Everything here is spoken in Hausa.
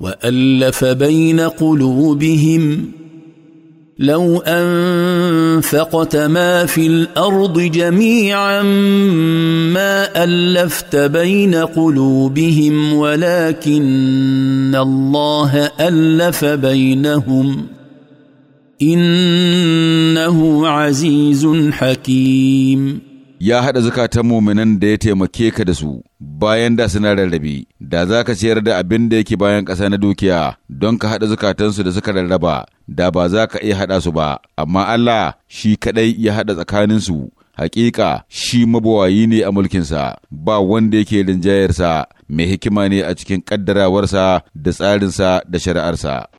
والف بين قلوبهم لو انفقت ما في الارض جميعا ما الفت بين قلوبهم ولكن الله الف بينهم انه عزيز حكيم ya haɗa zukatan muminan da ya taimake ka da su bayan da suna rarrabe, da za ka ciyar da abin da yake bayan ƙasa na dukiya don ka haɗa zukatansu da suka rarraba, da ba za ka iya haɗa su ba, amma Allah shi kaɗai ya haɗa tsakaninsu. Hakika shi mabawayi ne a mulkinsa, ba wanda yake rinjayarsa, mai hikima ne a cikin ƙaddarawarsa da tsarinsa da shari'arsa.